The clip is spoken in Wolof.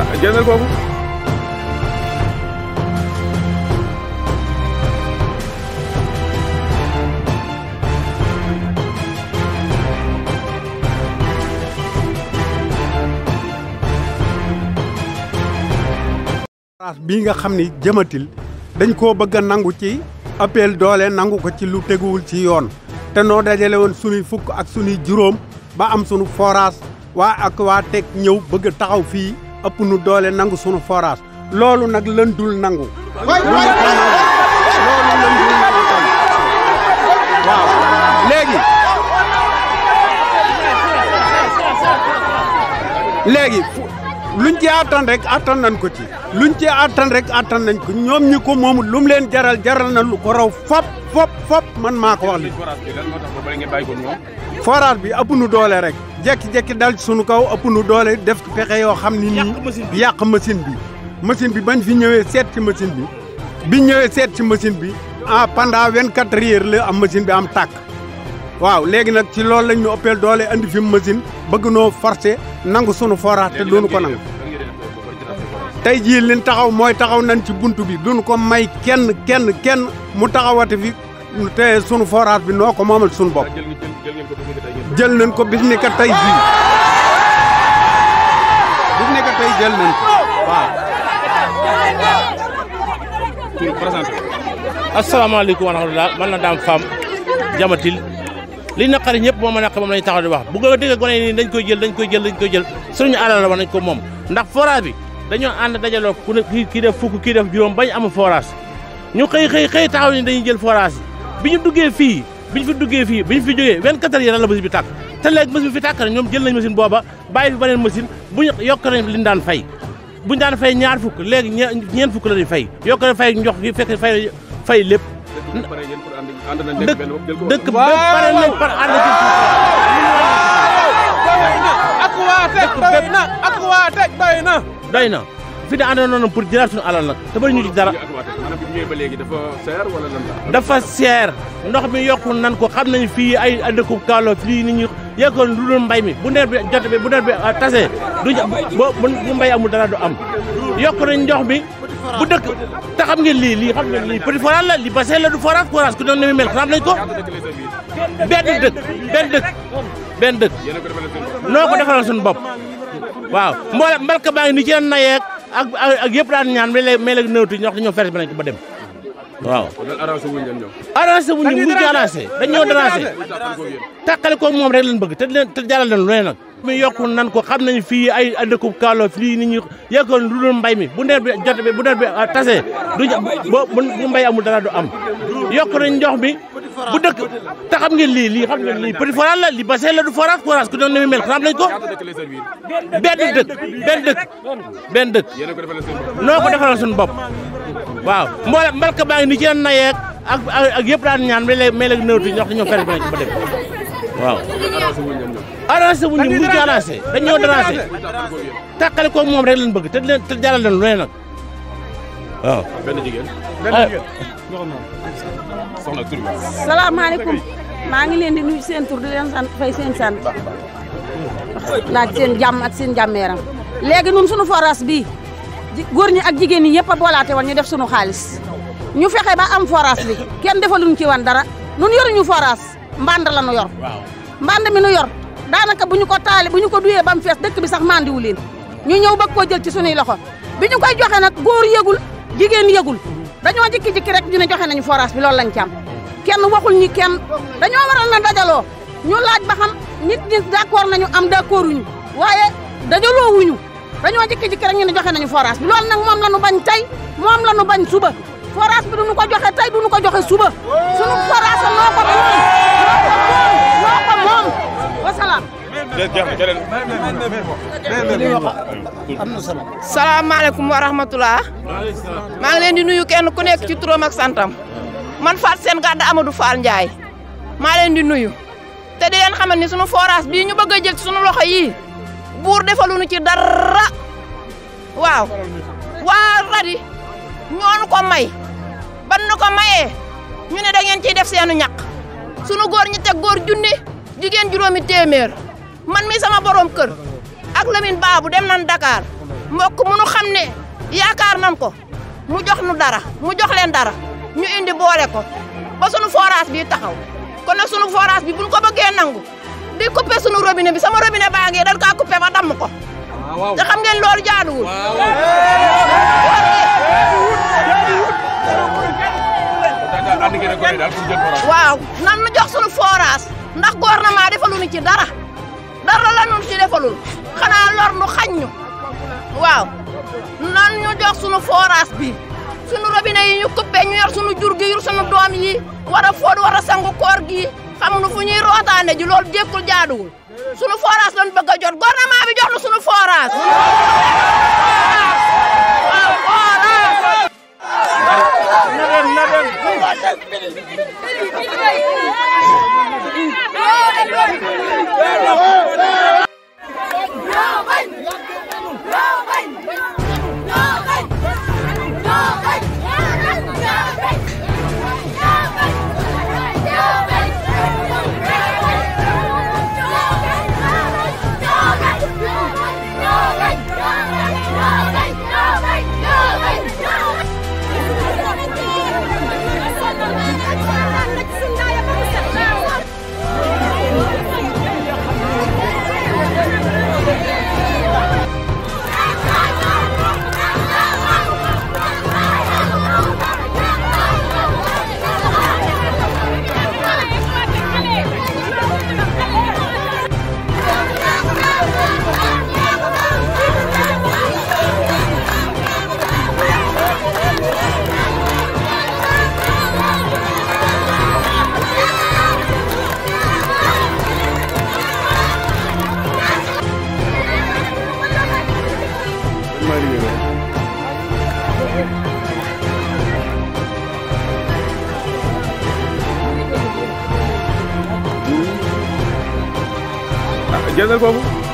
ah génneel kooku. bii nga xam ni jëmatil dañ koo bëgg a nangu ci appel doole nangu ko ci lu teguwul ci yoon te noo dajale sunuy fukk ak sunuy juróom ba am sunu forage waa ak waa teg ñëw bëgg taxaw fii ëpp doole nangu sunu forage loolu nag lën dul nangu loolu lën dul nangu tam waaw léegi léegi luñ ci attan rek attan nañ ko ci luñ ci attan rek attan nañ ko ñoom ñi ko moom lu leen jaral jaral na lu ko raw fop fop fop man maa ko wax li forage bi ëpp doole rek jekki-jekki dal ci sunu kaw ëpp nu doole def pexe yoo xam ni nii yàq machine bi machine bi ban fi ñëwee seet ci machine bi biñ ñëwee seet ci machine bi ah pendant vingt-quatre heures la am machine bi am tàkk waaw léegi nag ci loolu lañ ñu ëppeel doole andi fi machine bëgg noo forcé nangu sunu forage te duñu ko nangu tey jii taxaw mooy taxaw nañ ci buntu bi duñu ko may kenn kenn kenn mu taxawati fi te sunu forage bi noo ko moomal sunu bopp. jël nañ ko bis ni ka jii bis ni ka tey jël nañ ko waaw. asalaamaaleykum wa man la Dame Fam jamatil li naqari ñëpp moom ma naqari moom lañu taxaw di wax bu ko dëgg gone yi nii dañ koy jël dañ koy jël dañ koy jël suñu alal la wax nañ ko moom ndax forage bi dañoo ànd dajaloo ku ne kii def fukk kii def juróom bañ am forage ñu xëy xëy xëy taxaw ni dañuy jël forage yi. bi ñu duggee fii bi ñu fi duggee fii bi ñu fi jógee 24 heures la machine bi tàkk te léegi machine bi fi tàkk na ñoom jël nañ machine booba bàyyi fi beneen machine bu ñu yokk nañ li ñu daan fay bu ñu daan fay ñaar fukk léegi ñeen fukk la ñuy fay yokk na fay njox gi fekk fay fay lépp dëkk ba pare nañ par ànd ci ak waate doy na ak waate doy na doy na fi ne àndoon nañu pour jëlaat suñu alal nag te bëri dara. dafa seer ndox yokku nan ko xam nañ fii ay dëkku kaalo fii ni ñu yeggoon lu dul mbay mi bu nawet bi jot bi bu nawet bi euh, tasee du bu mbay amul dara du am yokku nañ ndox mi bu dëkk te xam ngeen lii lii xam ngeen lii petit forage la li bassin la du forage forage ku ne mi xam nañ ko benn dëkk benn dëkk benn dëkk noo ko defaral suñu bopp waaw mboolem mbalka ni ci leen nayeeg ak ak yëpp daan ñaan mais léegi mais léegi néewtu ñox dañoo fees ba nañ ko ba dem waaw. arrangé wuñ leen ñoom. arrangé wuñ ñu mujj ko moom rek lañ bëgg te leen te jàllal leen lu ne nag. mi yokku nan ko xam nañu fii ay dëkkub kaalo fii nit ñi yekkoon lu dul mbay mi bu nawet bi jot bi bu nawet bi ah, tasee du bu mbay amul dara du am yokku nañ njox mi bu dëkk te xam ngeen lii lii xam ngeen lii petit forage la li bassin la du forage forage ku doon ne mu mel xam nañ ko benn dëkk benn dëkk benn dëkk noo ko defaral suñu waaw mboole mbalka baa ngi ni ci daan nayeeg ak ak yëpp daan ñaan mais léegi mais léegi nëwtuñ wax dañoo fermé ba dem waaw arrangé wuñu mu arrangé dañoo arrangé tàqale ko moom rek lañ bëgg te leen te jàllal leen nag waaw benn jigéen. benn ah. jigéen maa ngi leen di nuyu seen tur di leen sant fay seen sant. laaj seen jàmm ak seen jàmmeeram. léegi nun sunu forage bi góor ñi ak jigéen ñi yëpp a woon ñu def sunu xaalis ñu fexe ba am forage bi kenn defaluñ ci wan dara nun yoruñu forage mbànd la nu yor. waaw mbànd mi nu yor daanaka bu ñu ko taale bu ñu ko duyee ba mu fees dëkk bi sax mandiwu leen ñu ñëw bëgg koo jël ci sunuy loxo bi ñu koy góor yëgul. jigéen yëgul dañoo jikki-jikki rek ñu ne joxe nañu forage bi loolu lañ ci kenn waxul ñi kenn dañoo waral na dajaloo ñu laaj ba xam nit ñi d'accord nañu am d'accord waaye dajaloo wuñu dañoo jikki-jikki rek ñu ne joxe nañu forage bi loolu nag moom la ñu bañ tey moom la ñu bañ suba forage bi duñu ko joxe tey duñu ko joxe suba sunu ko salaamaaleykum wa rahmatulah. maa ngi leen di nuyu kenn ku nekk ci turam ak santam. man Fatou Sène Gadda Amadou Fall Ndiaye. maa leen di nuyu. te di leen ni sunu forage bii ñu bëgg a jël ci sunu loxo yii. buur defaluñu ci dara. waaw. waa radi ñoonu ko may. ban nu ko ñu ne da ngeen def seenu ñaq. sunu góor ñi góor junni jigéen juróomi téeméer. man mi sama borom kër ak Lamine Baabu dem nan Dakar mbokk mu nu xam ne yaakaar nan ko mu jox nu dara mu jox leen dara ñu indi boole ko ba sunu forage taxaw kon nag sunu forage bi buñ ko bëggee nangu di coupé sunu robinet bi sama robinet baa ngi dañ kaa coupé ba damm ko ah, te xam ngeen loolu jaaduwul waaw nan nu jox sunu forage ndax gouvernement defalu ni ci dara dara la ci defalul xanaa lor nu xañ ñu waaw nan ñu jox sunu forage bi sunu robinet yi ñu coupé ñu yor sunu jur gi yor doom yi war a fóot sangu koor gi xam nu fu ñuy rootaane ji loolu jékkul jaaduwul sunu forage lañ bëgg a jot gouvernement bi jox nu sunu forage. waaw forage. Marina. jëndal boobu